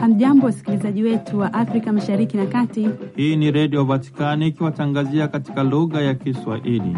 Hamjambo, wasikilizaji wetu wa Afrika mashariki na kati. Hii ni Redio Vatikani ikiwatangazia katika lugha ya Kiswahili.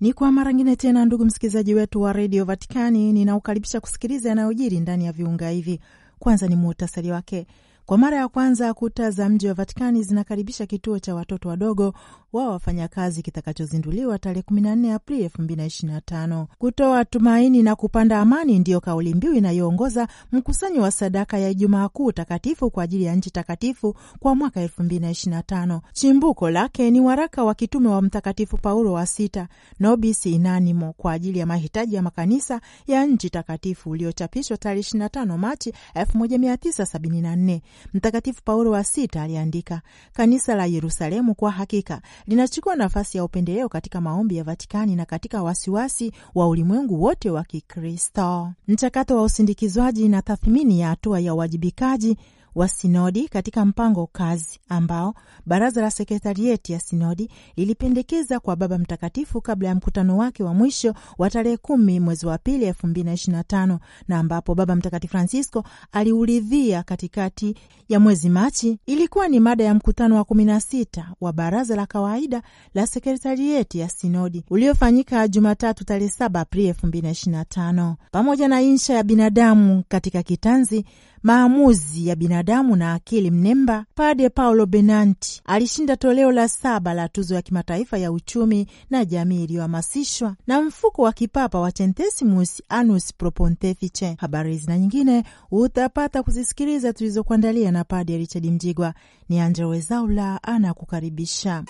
Ni kwa mara ngine tena, ndugu msikilizaji wetu wa Redio Vatikani, ninaokaribisha kusikiliza yanayojiri ndani ya viunga hivi. Kwanza ni muhtasari wake. Kwa mara ya kwanza kuta za mji wa Vatikani zinakaribisha kituo cha watoto wadogo wa wafanyakazi kitakachozinduliwa tarehe 14 Aprili 2025. Kutoa tumaini na kupanda amani ndiyo kauli mbiu inayoongoza mkusanyo wa sadaka ya Ijumaa Kuu takatifu kwa ajili ya nchi takatifu kwa mwaka 2025. Chimbuko lake ni waraka wa kitume wa Mtakatifu Paulo wa Sita, Nobis Inanimo, kwa ajili ya mahitaji ya makanisa ya nchi takatifu uliochapishwa tarehe 25 Machi 1974. Mtakatifu Paulo wa Sita aliandika, kanisa la Yerusalemu kwa hakika linachukua nafasi ya upendeleo katika maombi ya Vatikani na katika wasiwasi wa ulimwengu wote wa Kikristo. Mchakato wa usindikizwaji na tathmini ya hatua ya uwajibikaji wa sinodi katika mpango kazi ambao baraza la sekretarieti ya sinodi lilipendekeza kwa Baba Mtakatifu kabla ya mkutano wake wa mwisho wa tarehe kumi mwezi wa pili elfu mbili na ishirini na tano na ambapo Baba Mtakatifu Francisco aliuridhia katikati ya mwezi Machi. Ilikuwa ni mada ya mkutano wa kumi na sita wa baraza la kawaida la sekretarieti ya sinodi uliofanyika Jumatatu tarehe saba Aprili elfu mbili na ishirini na tano pamoja na insha ya binadamu katika kitanzi maamuzi ya binadamu na akili mnemba, Pade Paolo Benanti alishinda toleo la saba la tuzo ya kimataifa ya uchumi na jamii iliyohamasishwa na mfuko wa kipapa wa Centesimus Annus Pro Pontifice. Habari hizi na nyingine utapata kuzisikiliza tulizokuandalia na Pade Richard Mjigwa. Ni anjewezaula Wezaula anakukaribisha.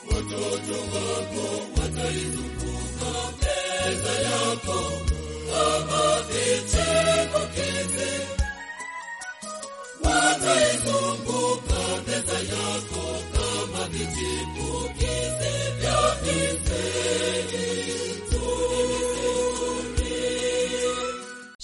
ataikumbuka pesa yako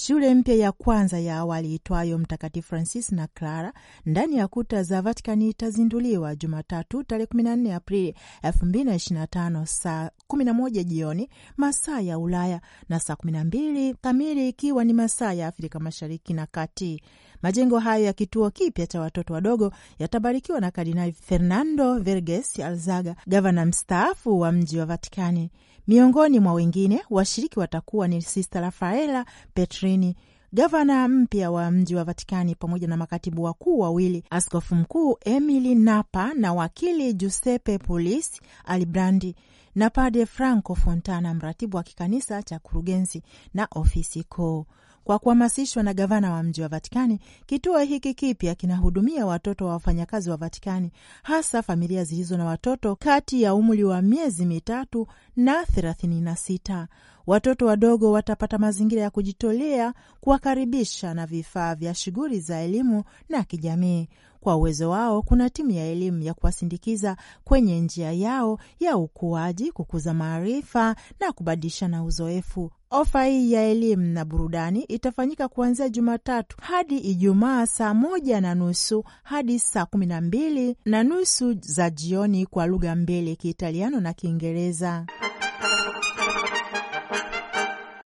Shule mpya ya kwanza ya awali itwayo Mtakatifu Francis na Clara ndani ya kuta za Vatikani itazinduliwa Jumatatu tarehe 14 Aprili 2025 saa 11 jioni masaa ya Ulaya na saa 12 kamili ikiwa ni masaa ya Afrika Mashariki na Kati. Majengo hayo ya kituo kipya cha watoto wadogo yatabarikiwa na Kardinali Fernando Verges Alzaga, gavana mstaafu wa mji wa Vatikani. Miongoni mwa wengine washiriki watakuwa ni Sista Rafaela Petrini, gavana mpya wa mji wa Vatikani pamoja na makatibu wakuu wawili, askofu mkuu Emily Napa na wakili Giuseppe Polisi Alibrandi na pade Franco Fontana, mratibu wa kikanisa cha kurugenzi na ofisi kuu. Kwa kuhamasishwa na gavana wa mji wa Vatikani, kituo hiki kipya kinahudumia watoto wa wafanyakazi wa Vatikani, hasa familia zilizo na watoto kati ya umri wa miezi mitatu na thelathini na sita. Watoto wadogo watapata mazingira ya kujitolea, kuwakaribisha na vifaa vya shughuli za elimu na kijamii. Kwa uwezo wao kuna timu ya elimu ya kuwasindikiza kwenye njia yao ya ukuaji, kukuza maarifa na kubadilishana uzoefu. Ofa hii ya elimu na burudani itafanyika kuanzia Jumatatu hadi Ijumaa saa moja na nusu hadi saa kumi na mbili na nusu za jioni kwa lugha mbili, Kiitaliano na Kiingereza.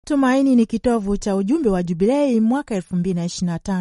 Tumaini ni kitovu cha ujumbe wa Jubilei mwaka elfu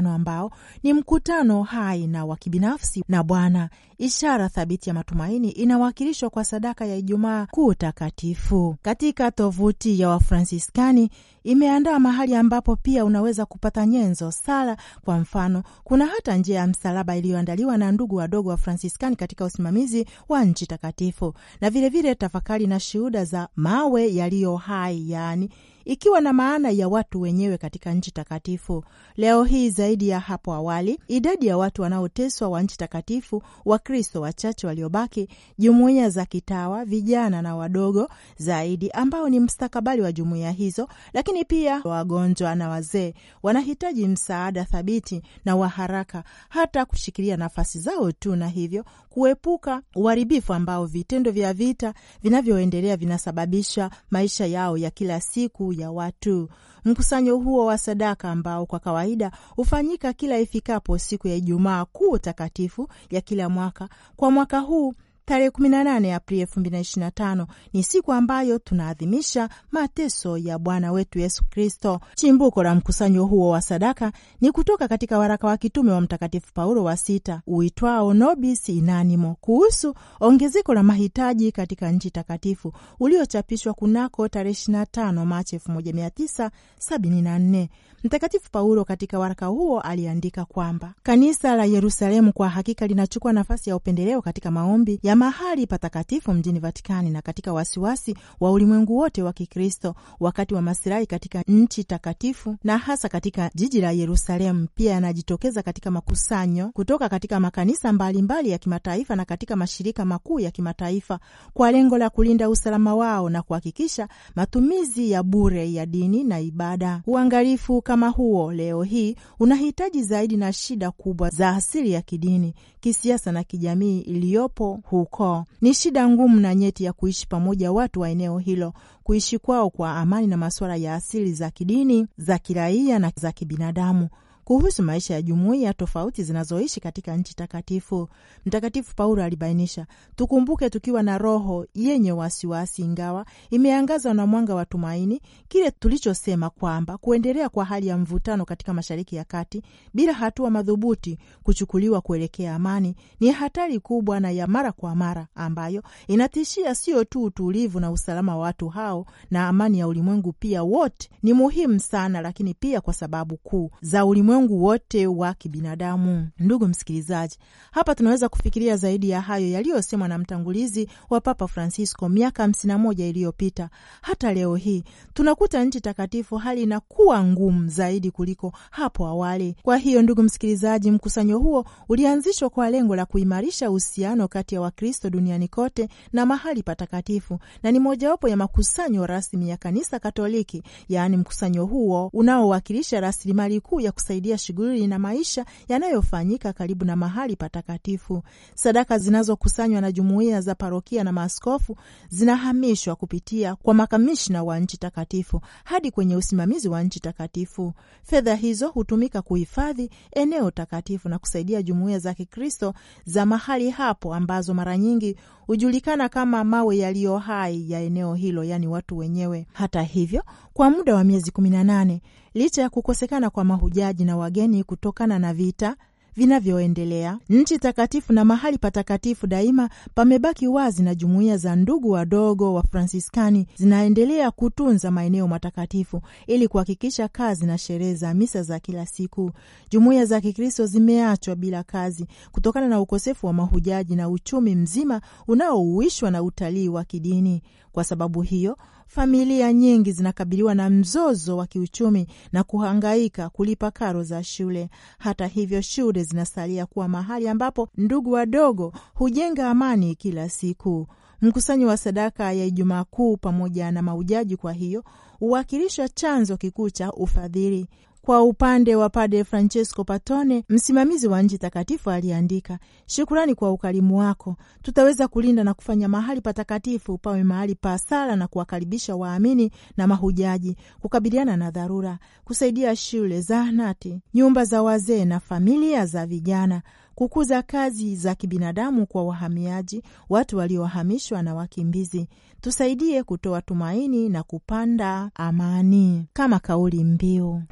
ambao ni mkutano hai na wa kibinafsi na Bwana. Ishara thabiti ya matumaini inawakilishwa kwa sadaka ya Ijumaa Kuu Takatifu. Katika tovuti ya Wafransiskani imeandaa mahali ambapo pia unaweza kupata nyenzo, sala. Kwa mfano, kuna hata njia ya msalaba iliyoandaliwa na ndugu wadogo wa Fransiskani katika usimamizi wa Nchi Takatifu, na vilevile vile tafakari na shuhuda za mawe yaliyo hai, yaani ikiwa na maana ya watu wenyewe katika nchi takatifu. Leo hii zaidi ya hapo awali, idadi ya watu wanaoteswa wa nchi takatifu, Wakristo wachache waliobaki, jumuiya za kitawa, vijana na wadogo zaidi, ambao ni mstakabali wa jumuiya hizo, lakini pia wagonjwa na wazee, wanahitaji msaada thabiti na wa haraka, hata kushikilia nafasi zao tu, na hivyo kuepuka uharibifu ambao vitendo vya vita vinavyoendelea vinasababisha maisha yao ya kila siku ya watu. Mkusanyo huo wa sadaka ambao kwa kawaida hufanyika kila ifikapo siku ya Ijumaa Kuu takatifu ya kila mwaka, kwa mwaka huu Tarehe 18 Aprili 2025 ni siku ambayo tunaadhimisha mateso ya Bwana wetu Yesu Kristo. Chimbuko la mkusanyo huo wa sadaka ni kutoka katika waraka wa kitume wa Mtakatifu Paulo wa sita uitwao Nobis in Animo, kuhusu ongezeko la mahitaji katika nchi takatifu uliochapishwa kunako tarehe 25 Machi 1974. Mtakatifu Paulo katika waraka huo aliandika kwamba kanisa la Yerusalemu kwa hakika linachukua nafasi ya upendeleo katika maombi ya mahali patakatifu mjini Vatikani na katika wasiwasi wa ulimwengu wote wa Kikristo wakati wa masirai katika nchi takatifu na hasa katika jiji la Yerusalemu, pia yanajitokeza katika makusanyo kutoka katika makanisa mbalimbali mbali ya kimataifa na katika mashirika makuu ya kimataifa kwa lengo la kulinda usalama wao na kuhakikisha matumizi ya bure ya dini na ibada. Uangalifu kama huo leo hii unahitaji zaidi na shida kubwa za asili ya kidini, kisiasa na kijamii iliyopo huko ukoo. Ni shida ngumu na nyeti ya kuishi pamoja watu wa eneo hilo, kuishi kwao kwa amani na masuala ya asili za kidini, za kiraia na za kibinadamu kuhusu maisha ya jumuiya tofauti zinazoishi katika nchi takatifu. Mtakatifu Paulo alibainisha, tukumbuke tukiwa na roho yenye wasiwasi, ingawa imeangazwa na mwanga wa tumaini, kile tulichosema kwamba kuendelea kwa hali ya mvutano katika Mashariki ya Kati bila hatua madhubuti kuchukuliwa kuelekea amani ni hatari kubwa na ya mara kwa mara ambayo inatishia sio tu utulivu na usalama wa watu hao na amani ya ulimwengu pia wote. Ni muhimu sana lakini pia kwa sababu kuu za ulimwengu ulimwengu wote wa kibinadamu. Ndugu msikilizaji, hapa tunaweza kufikiria zaidi ya hayo yaliyosemwa na mtangulizi wa Papa Francisco miaka hamsini moja iliyopita. Hata leo hii tunakuta nchi takatifu hali inakuwa ngumu zaidi kuliko hapo awali. Kwa hiyo, ndugu msikilizaji, mkusanyo huo ulianzishwa kwa lengo la kuimarisha uhusiano kati ya Wakristo duniani kote na mahali patakatifu na ni mojawapo ya makusanyo rasmi ya Kanisa Katoliki, yaani mkusanyo huo unaowakilisha rasilimali kuu ya kusaidia kusaidia shughuli na maisha yanayofanyika karibu na mahali patakatifu. Sadaka zinazokusanywa na jumuiya za parokia na maaskofu zinahamishwa kupitia kwa makamishna wa nchi takatifu hadi kwenye usimamizi wa nchi takatifu. Fedha hizo hutumika kuhifadhi eneo takatifu na kusaidia jumuiya za Kikristo za mahali hapo ambazo mara nyingi hujulikana kama mawe yaliyo hai ya eneo hilo, yaani watu wenyewe. Hata hivyo, kwa muda wa miezi kumi na nane licha ya kukosekana kwa mahujaji na wageni kutokana na vita vinavyoendelea. Nchi takatifu na mahali patakatifu daima pamebaki wazi, na jumuiya za ndugu wadogo wa Fransiskani zinaendelea kutunza maeneo matakatifu ili kuhakikisha kazi na sherehe za misa za kila siku. Jumuiya za Kikristo zimeachwa bila kazi kutokana na ukosefu wa mahujaji na uchumi mzima unaouishwa na utalii wa kidini. Kwa sababu hiyo familia nyingi zinakabiliwa na mzozo wa kiuchumi na kuhangaika kulipa karo za shule. Hata hivyo, shule zinasalia kuwa mahali ambapo ndugu wadogo hujenga amani kila siku. Mkusanyo wa sadaka ya Ijumaa Kuu pamoja na maujaji, kwa hiyo huwakilisha chanzo kikuu cha ufadhili, kwa upande wa Padre Francesco Patone, msimamizi wa Nchi Takatifu, aliandika: shukurani kwa ukarimu wako, tutaweza kulinda na kufanya mahali patakatifu pawe mahali pa sala na kuwakaribisha waamini na mahujaji, kukabiliana na dharura, kusaidia shule, zahanati, nyumba za wazee na familia za vijana kukuza kazi za kibinadamu kwa wahamiaji, watu waliohamishwa na wakimbizi. Tusaidie kutoa tumaini na kupanda amani, kama kauli mbiu.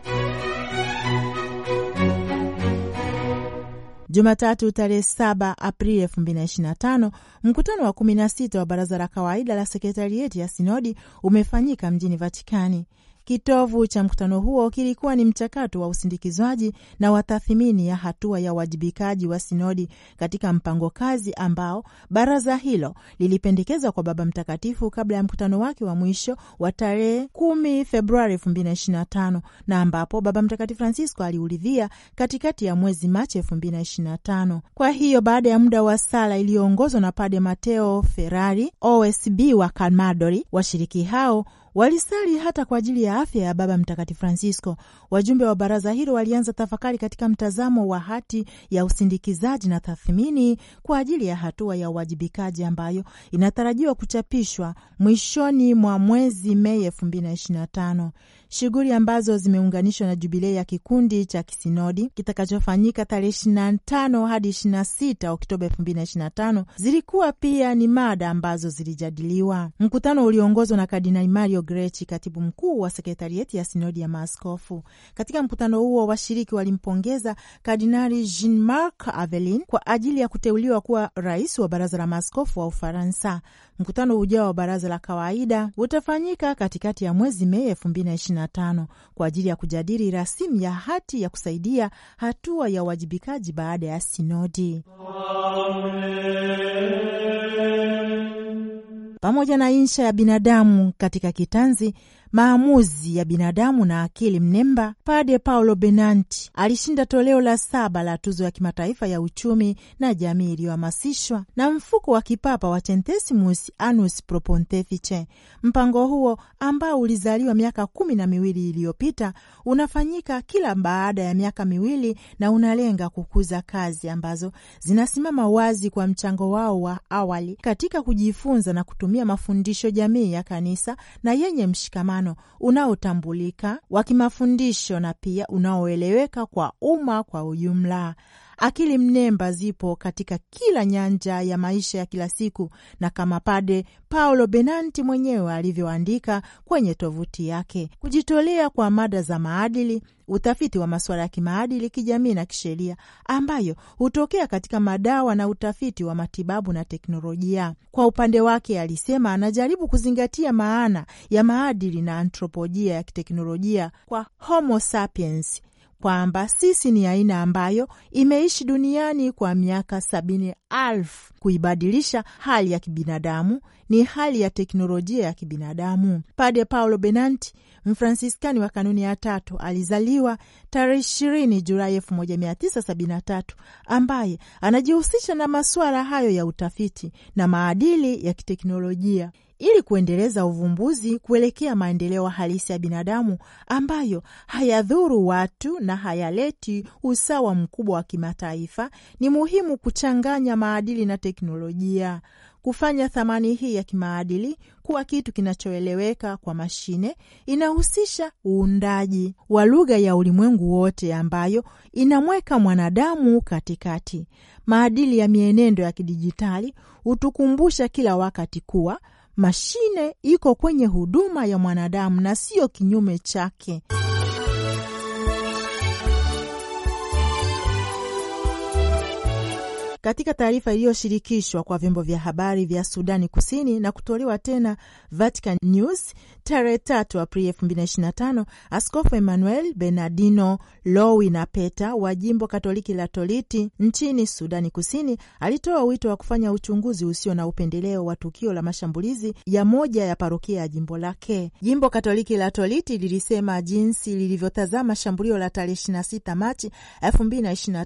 Jumatatu tarehe 7 Aprili 2025 mkutano wa 16 wa baraza la kawaida la sekretarieti ya sinodi umefanyika mjini Vatikani. Kitovu cha mkutano huo kilikuwa ni mchakato wa usindikizwaji na wa ya hatua ya uwajibikaji wa sinodi katika mpango kazi ambao baraza hilo lilipendekeza kwa Baba Mtakatifu kabla ya mkutano wake wa mwisho wa tarehe 10 Februari 2025 na ambapo Baba Mtakatifu Francisco aliuridhia katikati ya mwezi Machi 2025. Kwa hiyo baada ya muda wa sala iliyoongozwa na Pade Mateo Ferrari, OSB wa Kalmadori, washiriki hao Walisali hata kwa ajili ya afya ya Baba Mtakatifu Francisco. Wajumbe wa baraza hilo walianza tafakari katika mtazamo wa hati ya usindikizaji na tathmini kwa ajili ya hatua ya uwajibikaji ambayo inatarajiwa kuchapishwa mwishoni mwa mwezi Mei 2025, shughuli ambazo zimeunganishwa na jubilei ya kikundi cha kisinodi kitakachofanyika tarehe 25 hadi 26 Oktoba 2025. Zilikuwa pia ni mada ambazo zilijadiliwa. Mkutano uliongozwa na Kardinali Mario Grechi, katibu mkuu wa sekretarieti ya sinodi ya maaskofu. Katika mkutano huo, washiriki walimpongeza Kardinali Jean Marc Avelin kwa ajili ya kuteuliwa kuwa rais wa baraza la maaskofu wa Ufaransa. Mkutano ujao wa baraza la kawaida utafanyika katikati ya mwezi Mei tano kwa ajili ya kujadili rasimu ya hati ya kusaidia hatua ya uwajibikaji baada ya sinodi. Amen pamoja na insha ya binadamu katika kitanzi maamuzi ya binadamu na akili mnemba, Pade Paolo Benanti alishinda toleo la saba la tuzo ya kimataifa ya uchumi na jamii iliyohamasishwa na mfuko wa kipapa wa Centesimus Annus Pro Pontifice. Mpango huo ambao ulizaliwa miaka kumi na miwili iliyopita unafanyika kila baada ya miaka miwili na unalenga kukuza kazi ambazo zinasimama wazi kwa mchango wao wa awali katika kujifunza na kutumia mafundisho jamii ya kanisa na yenye mshikamano mfano unaotambulika wa kimafundisho na pia unaoeleweka kwa umma kwa ujumla akili mnemba zipo katika kila nyanja ya maisha ya kila siku, na kama Pade Paolo Benanti mwenyewe alivyoandika kwenye tovuti yake, kujitolea kwa mada za maadili, utafiti wa masuala ya kimaadili, kijamii na kisheria, ambayo hutokea katika madawa na utafiti wa matibabu na teknolojia. Kwa upande wake, alisema anajaribu kuzingatia maana ya maadili na antropolojia ya kiteknolojia kwa Homo sapiens kwamba sisi ni aina ambayo imeishi duniani kwa miaka sabini elfu. Kuibadilisha hali ya kibinadamu ni hali ya teknolojia ya kibinadamu. Pade Paolo Benanti, mfransiskani wa kanuni ya tatu, alizaliwa tarehe ishirini Julai 1973 ambaye anajihusisha na masuala hayo ya utafiti na maadili ya kiteknolojia ili kuendeleza uvumbuzi kuelekea maendeleo halisi ya binadamu ambayo hayadhuru watu na hayaleti usawa mkubwa wa kimataifa, ni muhimu kuchanganya maadili na teknolojia, kufanya thamani hii ya kimaadili kuwa kitu kinachoeleweka kwa mashine inahusisha uundaji wa lugha ya ulimwengu wote ambayo inamweka mwanadamu katikati. Maadili ya mienendo ya kidijitali hutukumbusha kila wakati kuwa mashine iko kwenye huduma ya mwanadamu na siyo kinyume chake. Katika taarifa iliyoshirikishwa kwa vyombo vya habari vya Sudani Kusini na kutolewa tena Vatican News Tarehe tatu Aprili elfu mbili na ishirini na tano Askofu Emmanuel Bernardino Lowi na Peta wa jimbo Katoliki la Toliti nchini Sudani Kusini alitoa wito wa kufanya uchunguzi usio na upendeleo wa tukio la mashambulizi ya moja ya parokia ya jimbo lake. Jimbo Katoliki la Toliti lilisema jinsi lilivyotazama shambulio la tarehe 26 Machi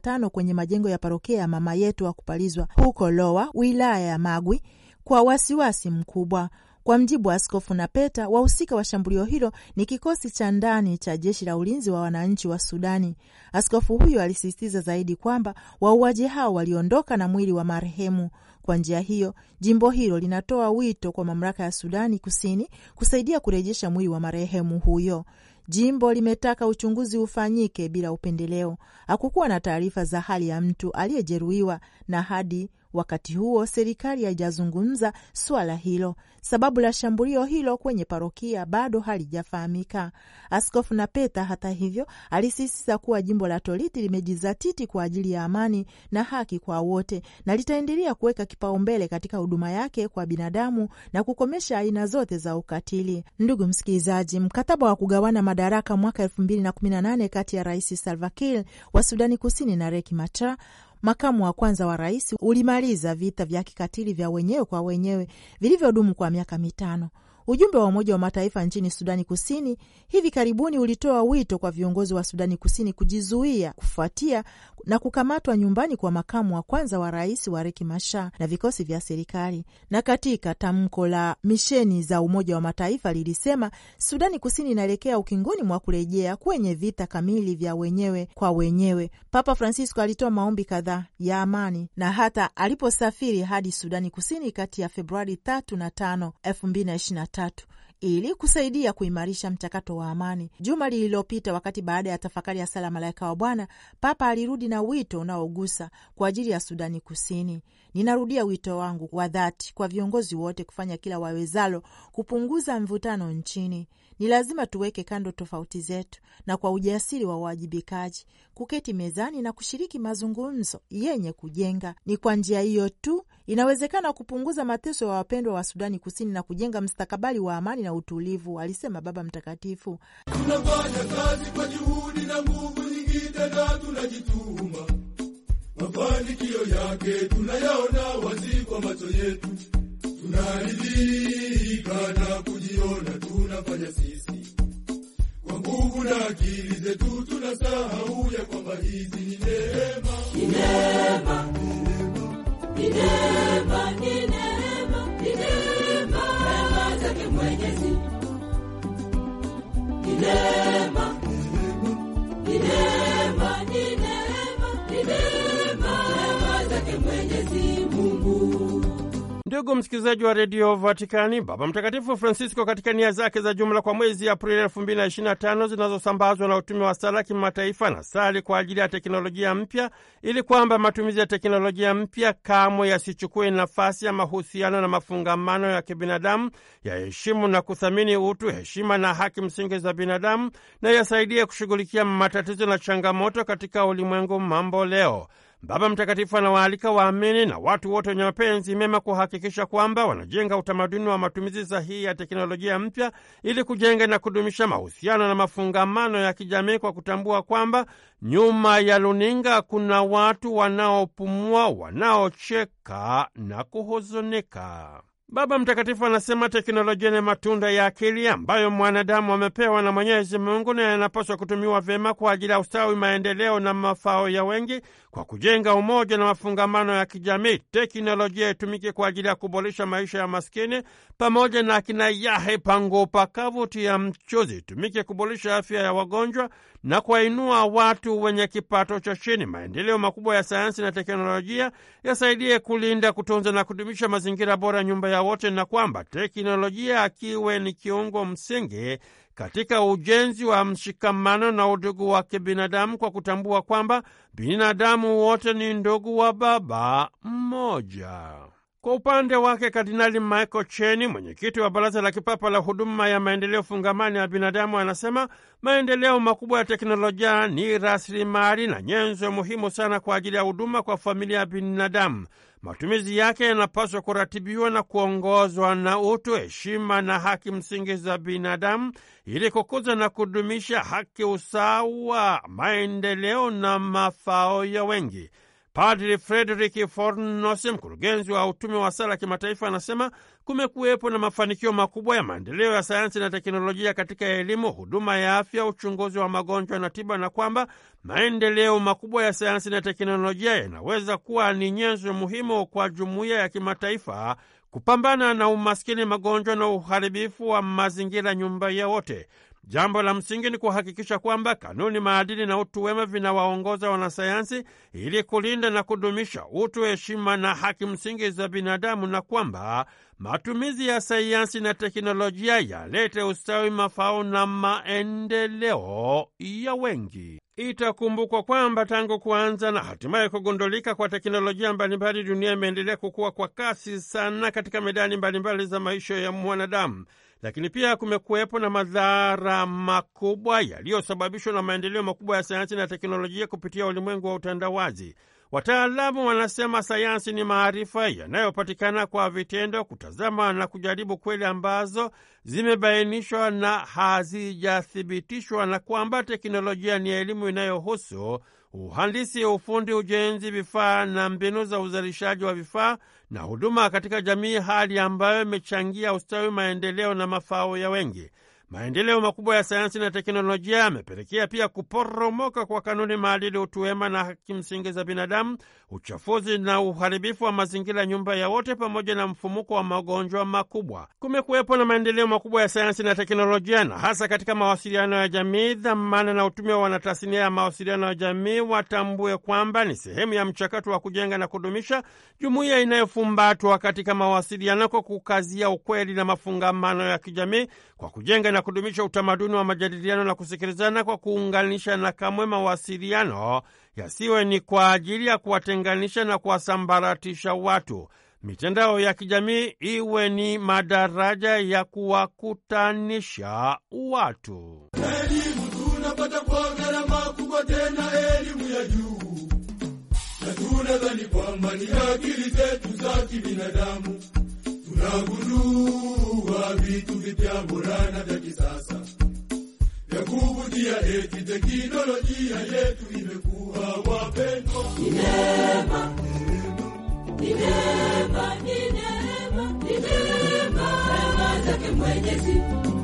tano kwenye majengo ya parokia ya Mama Yetu wa Kupalizwa huko Lowa, wilaya ya Magwi, kwa wasiwasi mkubwa kwa mjibu wa Askofu Napeta, wahusika wa shambulio hilo ni kikosi cha ndani cha jeshi la ulinzi wa wananchi wa Sudani. Askofu huyo alisisitiza zaidi kwamba wauaji hao waliondoka na mwili wa marehemu. Kwa njia hiyo, jimbo hilo linatoa wito kwa mamlaka ya Sudani Kusini kusaidia kurejesha mwili wa marehemu huyo. Jimbo limetaka uchunguzi ufanyike bila upendeleo. Hakukuwa na taarifa za hali ya mtu aliyejeruhiwa na hadi Wakati huo serikali haijazungumza suala hilo. Sababu la shambulio hilo kwenye parokia bado halijafahamika. Askofu Napeta, hata hivyo, alisisitiza kuwa jimbo la Toriti limejizatiti kwa ajili ya amani na haki kwa wote na litaendelea kuweka kipaumbele katika huduma yake kwa binadamu na kukomesha aina zote za ukatili. Ndugu msikilizaji, mkataba wa kugawana madaraka mwaka elfu mbili na kumi na nane kati ya Rais Salva Kiir wa Sudani Kusini na Riek Machar makamu wa kwanza wa rais, ulimaliza vita vya kikatili vya wenyewe kwa wenyewe vilivyodumu kwa miaka mitano Ujumbe wa Umoja wa Mataifa nchini Sudani Kusini hivi karibuni ulitoa wito kwa viongozi wa Sudani Kusini kujizuia kufuatia na kukamatwa nyumbani kwa makamu wa kwanza wa rais wa Riek Machar na vikosi vya serikali. Na katika tamko la misheni za Umoja wa Mataifa lilisema Sudani Kusini inaelekea ukingoni mwa kurejea kwenye vita kamili vya wenyewe kwa wenyewe. Papa Francisco alitoa maombi kadhaa ya amani na hata aliposafiri hadi Sudani Kusini kati ya Februari 3 na 5, 2023 tatu ili kusaidia kuimarisha mchakato wa amani. Juma lililopita, wakati baada ya tafakari ya sala malaika wa Bwana, Papa alirudi na wito unaogusa kwa ajili ya Sudani Kusini. Ninarudia wito wangu wa dhati kwa viongozi wote kufanya kila wawezalo kupunguza mvutano nchini. Ni lazima tuweke kando tofauti zetu na kwa ujasiri wa uwajibikaji kuketi mezani na kushiriki mazungumzo yenye kujenga. Ni kwa njia hiyo tu inawezekana kupunguza mateso ya wapendwa wa Sudani Kusini na kujenga mstakabali wa amani na utulivu, alisema Baba Mtakatifu. Tunafanya kazi kwa juhudi na nguvu nyingine na tunajituma, mafanikio yake tunayaona wazi kwa macho yetu, tunaridhika na kujiona tunafanya sisi kwa nguvu na akili zetu, tunasahau ya kwamba hizi ni neema ni neema, ni neema, ni neema, neema zake Mwenyezi Ndugu msikilizaji wa redio Vatikani, Baba Mtakatifu Francisco katika nia zake za jumla kwa mwezi Aprili 225 zinazosambazwa na utume wa sala kimataifa na sali kwa ajili ya teknolojia mpya, ili kwamba matumizi ya teknolojia mpya kamwe yasichukue nafasi ya mahusiano na mafungamano ya kibinadamu, yaheshimu na kuthamini utu, heshima na haki msingi za binadamu, na yasaidie kushughulikia matatizo na changamoto katika ulimwengu mambo leo. Baba Mtakatifu anawaalika waamini na watu wote wenye mapenzi mema kuhakikisha kwamba wanajenga utamaduni wa matumizi sahihi ya teknolojia mpya ili kujenga na kudumisha mahusiano na mafungamano ya kijamii kwa kutambua kwamba nyuma ya luninga kuna watu wanaopumua, wanaocheka na kuhuzunika. Baba Mtakatifu anasema teknolojia ni matunda ya akili ambayo mwanadamu amepewa na Mwenyezi Mungu na yanapaswa kutumiwa vyema kwa ajili ya ustawi, maendeleo na mafao ya wengi kwa kujenga umoja na mafungamano ya kijamii. Teknolojia itumike kwa ajili ya kuboresha maisha ya maskini pamoja na akina yahe pango pakavu ya mchuzi, itumike kuboresha afya ya wagonjwa na kuwainua watu wenye kipato cha chini. Maendeleo makubwa ya sayansi na teknolojia yasaidie kulinda, kutunza na kudumisha mazingira bora, nyumba ya wote, na kwamba teknolojia akiwe ni kiungo msingi katika ujenzi wa mshikamano na udugu wa kibinadamu kwa kutambua kwamba binadamu wote ni ndugu wa baba mmoja. Kwa upande wake Kardinali Michael Cheni, mwenyekiti wa Baraza la Kipapa la Huduma ya Maendeleo Fungamani ya Binadamu, anasema maendeleo makubwa ya teknolojia ni rasilimali na nyenzo muhimu sana kwa ajili ya huduma kwa familia ya binadamu. Matumizi yake yanapaswa kuratibiwa na kuongozwa na utu, heshima na haki msingi za binadamu ili kukuza na kudumisha haki, usawa, maendeleo na mafao ya wengi. Padri Frederik Fornos, mkurugenzi wa utume wa sala kimataifa, anasema kumekuwepo na mafanikio makubwa ya maendeleo ya sayansi na teknolojia katika elimu, huduma ya afya, uchunguzi wa magonjwa na tiba, na kwamba maendeleo makubwa ya sayansi na teknolojia yanaweza kuwa ni nyenzo muhimu kwa jumuiya ya kimataifa kupambana na umaskini, magonjwa na uharibifu wa mazingira, nyumba ya wote. Jambo la msingi ni kuhakikisha kwamba kanuni, maadili na utu wema vinawaongoza wanasayansi ili kulinda na kudumisha utu, heshima na haki msingi za binadamu, na kwamba matumizi ya sayansi na teknolojia yalete ustawi, mafao na maendeleo ya wengi. Itakumbukwa kwamba tangu kuanza na hatimaye kugundulika kwa teknolojia mbalimbali, dunia imeendelea kukua kwa kasi sana katika medani mbalimbali za maisha ya mwanadamu lakini pia kumekuwepo na madhara makubwa yaliyosababishwa na maendeleo makubwa ya sayansi na teknolojia kupitia ulimwengu wa utandawazi. Wataalamu wanasema sayansi ni maarifa yanayopatikana kwa vitendo, kutazama na kujaribu kweli ambazo zimebainishwa na hazijathibitishwa, na kwamba teknolojia ni elimu inayohusu uhandisi, ufundi, ujenzi, vifaa na mbinu za uzalishaji wa vifaa na huduma katika jamii, hali ambayo imechangia ustawi, maendeleo na mafao ya wengi. Maendeleo makubwa ya sayansi na teknolojia yamepelekea pia kuporomoka kwa kanuni, maadili, utuwema na haki msingi za binadamu, uchafuzi na uharibifu wa mazingira, nyumba ya wote, pamoja na mfumuko wa magonjwa makubwa. Kumekuwepo na maendeleo makubwa ya sayansi na teknolojia, na hasa katika mawasiliano ya jamii. Dhamana na utume wa wanatasnia ya mawasiliano ya jamii watambue kwamba ni sehemu ya mchakato wa kujenga na kudumisha jumuiya inayofumbatwa katika mawasiliano kwa kukazia ukweli na mafungamano ya kijamii kwa kujenga na na kudumisha utamaduni wa majadiliano na kusikilizana kwa kuunganisha na kamwe mawasiliano yasiwe ni kwa ajili ya kuwatenganisha na kuwasambaratisha watu. Mitandao ya kijamii iwe ni madaraja ya kuwakutanisha watu. Elimu tunapata kwa gharama kubwa, tena elimu ya juu, na tunadhani kwamba ni akili zetu za kibinadamu nagundua vitu vipya vya kisasa kuvutia, eti teknolojia yetu imekuwa wapendwa, ni neema, ni neema, ni neema, ni neema zake Mwenyezi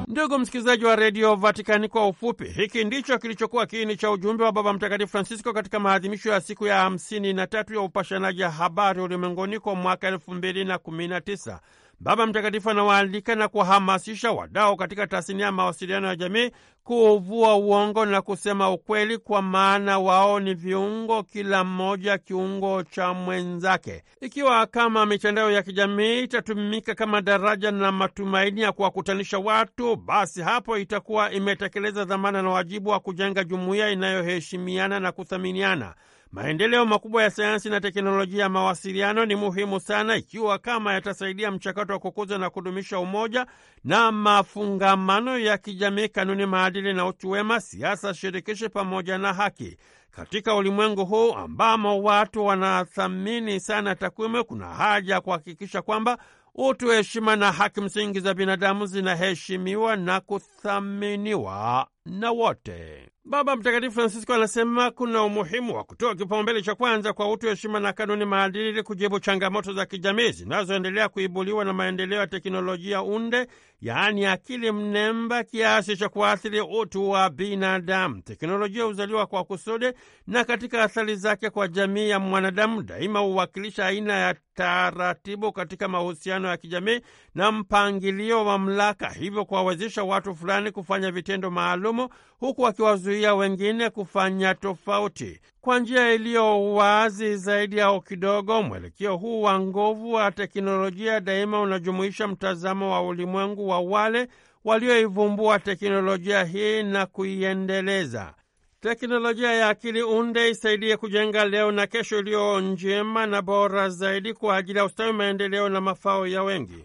Ndugu msikilizaji wa redio Vatikani, kwa ufupi, hiki ndicho kilichokuwa kiini cha ujumbe wa Baba Mtakatifu Francisco katika maadhimisho ya siku ya hamsini na tatu ya upashanaji habari ulimwenguni kwa mwaka elfu mbili na kumi na tisa. Baba Mtakatifu anawaalika na kuwahamasisha wadau katika tasnia ya mawasiliano ya jamii kuuvua uongo na kusema ukweli, kwa maana wao ni viungo, kila mmoja kiungo cha mwenzake. Ikiwa kama mitandao ya kijamii itatumika kama daraja na matumaini ya kuwakutanisha watu, basi hapo itakuwa imetekeleza dhamana na wajibu wa kujenga jumuiya inayoheshimiana na kuthaminiana. Maendeleo makubwa ya sayansi na teknolojia ya mawasiliano ni muhimu sana ikiwa kama yatasaidia mchakato wa kukuza na kudumisha umoja na mafungamano ya kijamii, kanuni, maadili na utu wema, siasa shirikishi pamoja na haki. Katika ulimwengu huu ambamo watu wanathamini sana takwimu, kuna haja ya kuhakikisha kwamba utu, heshima na haki msingi za binadamu zinaheshimiwa na kuthaminiwa na wote. Baba Mtakatifu Francisco anasema kuna umuhimu wa kutoa kipaumbele cha kwanza kwa utu, heshima na kanuni maadili ili kujibu changamoto za kijamii zinazoendelea kuibuliwa na maendeleo ya teknolojia unde, yaani akili mnemba, kiasi cha kuathiri utu wa binadamu. Teknolojia huzaliwa kwa kusudi, na katika athari zake kwa jamii ya mwanadamu daima huwakilisha aina ya taratibu katika mahusiano ya kijamii na mpangilio wa mamlaka, hivyo kuwawezesha watu fulani kufanya vitendo maalumu huku wakiwazuia kuzuia wengine kufanya tofauti. Kwa njia iliyo wazi zaidi au kidogo, mwelekeo huu wa nguvu wa teknolojia daima unajumuisha mtazamo wa ulimwengu wa wale walioivumbua teknolojia hii na kuiendeleza. Teknolojia ya akili unde isaidie kujenga leo na kesho iliyo njema na bora zaidi kwa ajili ya ustawi, maendeleo na mafao ya wengi.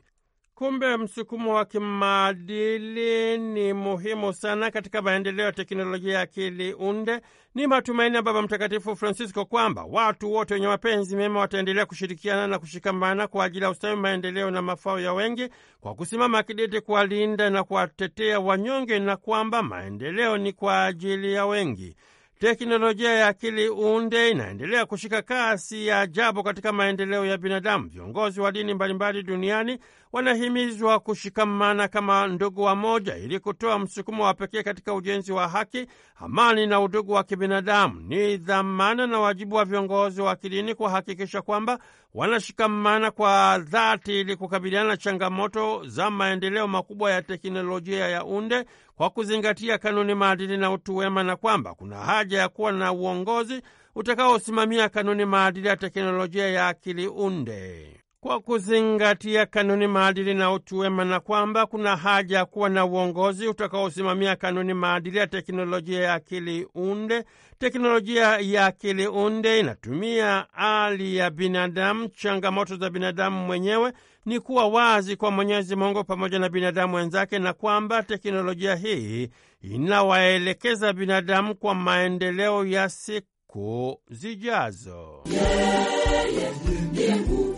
Kumbe msukumo wa kimaadili ni muhimu sana katika maendeleo ya teknolojia ya akili unde. Ni matumaini ya Baba Mtakatifu Francisco kwamba watu wote wenye mapenzi mema wataendelea kushirikiana na kushikamana kwa ajili ya ustawi, maendeleo na mafao ya wengi, kwa kusimama kidete kuwalinda na kuwatetea wanyonge, na kwamba maendeleo ni kwa ajili ya wengi. Teknolojia ya akili unde inaendelea kushika kasi ya ajabu katika maendeleo ya binadamu. Viongozi wa dini mbalimbali duniani wanahimizwa kushikamana kama ndugu wamoja ili kutoa msukumo wa pekee katika ujenzi wa haki, amani na udugu wa kibinadamu. Ni dhamana na wajibu wa viongozi wa kidini kuhakikisha kwamba wanashikamana kwa dhati ili kukabiliana na changamoto za maendeleo makubwa ya teknolojia ya unde kwa kuzingatia kanuni, maadili na utu wema, na kwamba kuna haja ya kuwa na uongozi utakaosimamia kanuni, maadili ya teknolojia ya akili unde kwa kuzingatia kanuni, maadili na utu wema, na kwamba kuna haja ya kuwa na uongozi utakaosimamia kanuni, maadili ya teknolojia ya akili unde. Teknolojia ya akili unde inatumia hali ya binadamu, changamoto za binadamu mwenyewe ni kuwa wazi kwa Mwenyezi Mungu pamoja na binadamu wenzake, na kwamba teknolojia hii inawaelekeza binadamu kwa maendeleo ya siku zijazo. yeah, yeah, yeah.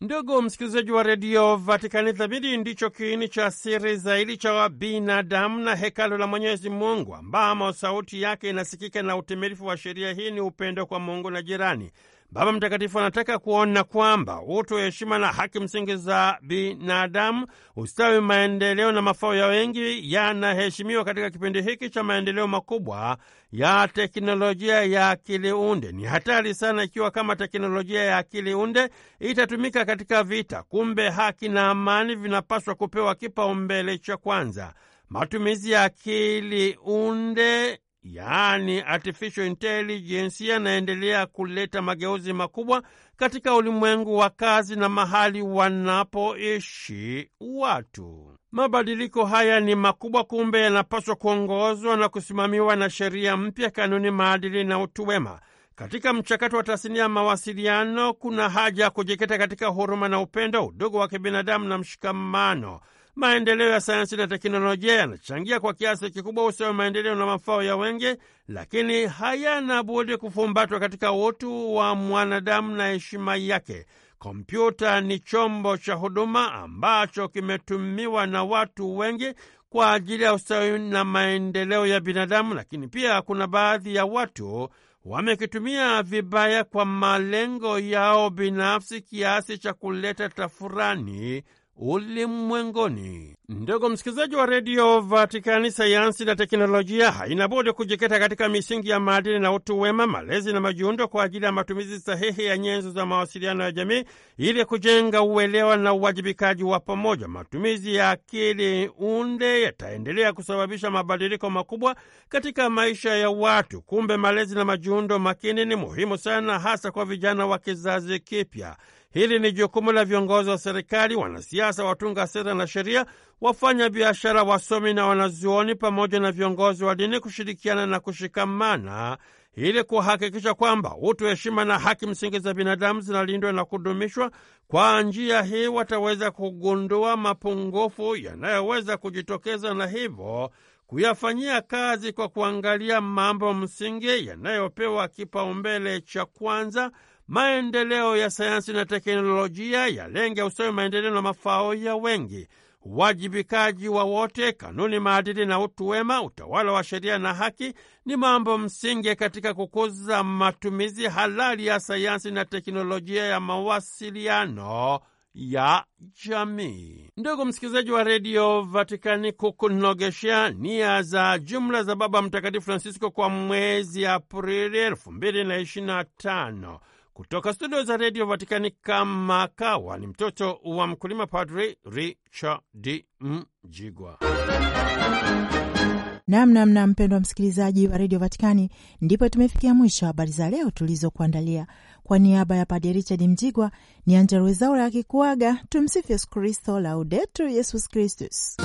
Ndugu msikilizaji wa redio Vatikani, dhamiri ndicho kiini cha siri zaidi cha wabinadamu na hekalo la Mwenyezi Mungu, ambamo sauti yake inasikika, na utimilifu wa sheria hii ni upendo kwa Mungu na jirani. Baba Mtakatifu anataka kuona kwamba utu, heshima na haki msingi za binadamu, ustawi, maendeleo na mafao ya wengi yanaheshimiwa katika kipindi hiki cha maendeleo makubwa ya teknolojia ya akili unde. Ni hatari sana ikiwa kama teknolojia ya akili unde itatumika katika vita. Kumbe haki na amani vinapaswa kupewa kipaumbele cha kwanza. Matumizi ya akili unde yaani artificial intelligence, yanaendelea kuleta mageuzi makubwa katika ulimwengu wa kazi na mahali wanapoishi watu. Mabadiliko haya ni makubwa, kumbe yanapaswa kuongozwa na kusimamiwa na sheria mpya, kanuni, maadili na utu wema. Katika mchakato wa tasnia ya mawasiliano kuna haja ya kujikita katika huruma na upendo, udugu wa kibinadamu na mshikamano. Maendeleo ya sayansi na teknolojia yanachangia kwa kiasi kikubwa usawa wa maendeleo na mafao ya wengi, lakini hayana budi kufumbatwa katika utu wa mwanadamu na heshima yake. Kompyuta ni chombo cha huduma ambacho kimetumiwa na watu wengi kwa ajili ya ustawi na maendeleo ya binadamu, lakini pia kuna baadhi ya watu wamekitumia vibaya kwa malengo yao binafsi kiasi cha kuleta tafurani ulimwengoni. Ndugu msikilizaji wa redio Vatikani, sayansi na teknolojia haina budi kujikita katika misingi ya maadili na utu wema, malezi na majiundo kwa ajili ya matumizi sahihi ya nyenzo za mawasiliano ya jamii ili kujenga uelewa na uwajibikaji wa pamoja. Matumizi ya akili unde yataendelea kusababisha mabadiliko makubwa katika maisha ya watu. Kumbe malezi na majiundo makini ni muhimu sana, hasa kwa vijana wa kizazi kipya. Hili ni jukumu la viongozi wa serikali, wanasiasa, watunga sera na sheria, wafanya biashara, wasomi na wanazuoni, pamoja na viongozi wa dini kushirikiana na kushikamana ili kuhakikisha kwamba utu, heshima na haki msingi za binadamu zinalindwa na kudumishwa. Kwa njia hii wataweza kugundua mapungufu yanayoweza kujitokeza na hivyo kuyafanyia kazi kwa kuangalia mambo msingi yanayopewa kipaumbele cha kwanza maendeleo ya sayansi na teknolojia yalenge ustawi, maendeleo na mafao ya wengi, uwajibikaji wa wote, kanuni, maadili na utu wema, utawala wa sheria na haki ni mambo msingi katika kukuza matumizi halali ya sayansi na teknolojia ya mawasiliano ya jamii. Ndugu msikilizaji wa redio Vatikani, kukunogeshea nia za jumla za Baba Mtakatifu Francisco kwa mwezi Aprili elfu mbili na ishirini na tano kutoka studio za redio Vatikani kama kawa ni mtoto wa mkulima, Padri Richard Mjigwa. Namnamna mpendo wa msikilizaji wa redio Vatikani, ndipo tumefikia mwisho habari za leo tulizokuandalia. Kwa, kwa niaba ya Padre Richard Mjigwa ni Anjelo Wezaura akikuaga. Tumsifu Yesu Kristo, Laudetur Yesus Kristus.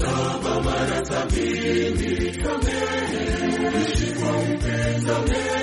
Taba mara sabini, kamehe, ishi kwa upendo